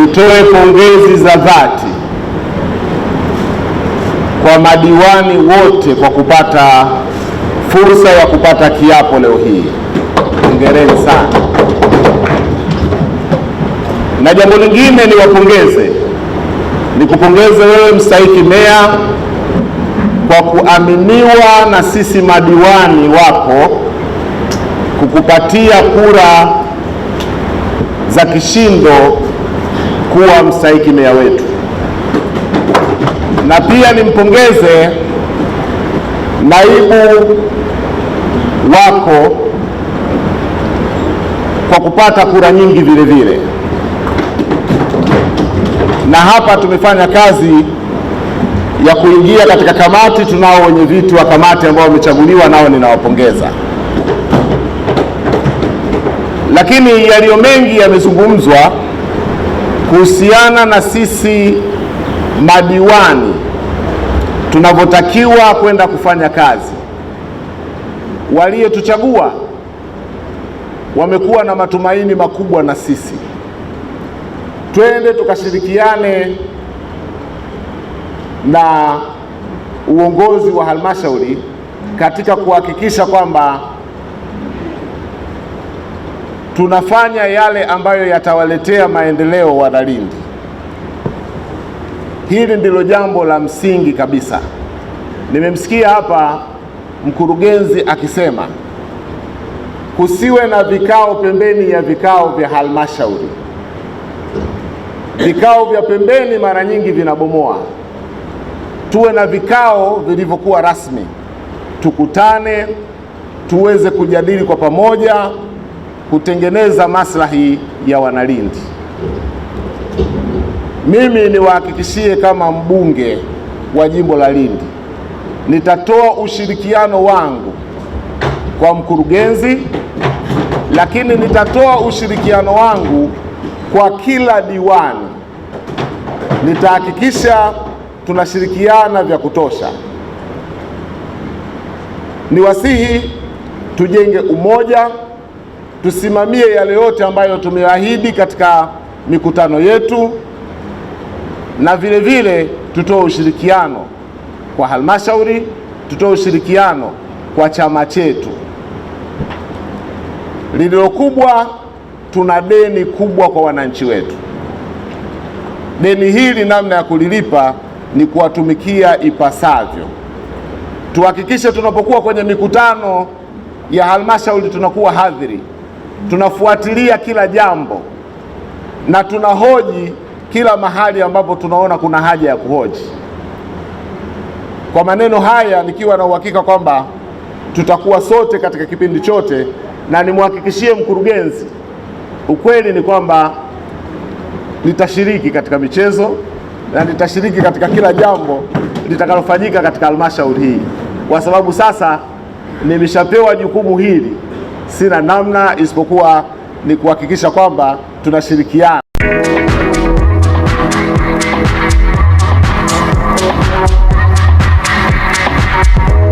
Nitoe pongezi za dhati kwa madiwani wote kwa kupata fursa ya kupata kiapo leo hii. Hongereni sana. Na jambo lingine niwapongeze, nikupongeze wewe mstahiki meya kwa kuaminiwa na sisi madiwani wako kukupatia kura za kishindo kuwa mstahiki meya wetu, na pia nimpongeze naibu wako kwa kupata kura nyingi vile vile, na hapa tumefanya kazi ya kuingia katika kamati. Tunao wenye viti wa kamati ambao wamechaguliwa, nao ninawapongeza. Lakini yaliyo mengi yamezungumzwa kuhusiana na sisi madiwani tunavyotakiwa kwenda kufanya kazi. waliyetuchagua wamekuwa na matumaini makubwa na sisi, twende tukashirikiane na uongozi wa halmashauri katika kuhakikisha kwamba tunafanya yale ambayo yatawaletea maendeleo Wanalindi. Hili ndilo jambo la msingi kabisa. Nimemsikia hapa mkurugenzi akisema kusiwe na vikao pembeni ya vikao vya halmashauri. Vikao vya pembeni mara nyingi vinabomoa. Tuwe na vikao vilivyokuwa rasmi, tukutane tuweze kujadili kwa pamoja kutengeneza maslahi ya Wanalindi. Mimi niwahakikishie kama mbunge wa jimbo la Lindi, nitatoa ushirikiano wangu kwa mkurugenzi, lakini nitatoa ushirikiano wangu kwa kila diwani. Nitahakikisha tunashirikiana vya kutosha. Niwasihi tujenge umoja tusimamie yale yote ambayo tumeahidi katika mikutano yetu, na vile vile tutoe ushirikiano kwa halmashauri, tutoe ushirikiano kwa chama chetu. Lililo kubwa, tuna deni kubwa kwa wananchi wetu. Deni hili namna ya kulilipa ni kuwatumikia ipasavyo. Tuhakikishe tunapokuwa kwenye mikutano ya halmashauri tunakuwa hadhiri tunafuatilia kila jambo na tunahoji kila mahali ambapo tunaona kuna haja ya kuhoji. Kwa maneno haya, nikiwa na uhakika kwamba tutakuwa sote katika kipindi chote, na nimhakikishie mkurugenzi, ukweli ni kwamba nitashiriki katika michezo na nitashiriki katika kila jambo litakalofanyika katika halmashauri hii, kwa sababu sasa nimeshapewa jukumu hili sina namna isipokuwa ni kuhakikisha kwamba tunashirikiana.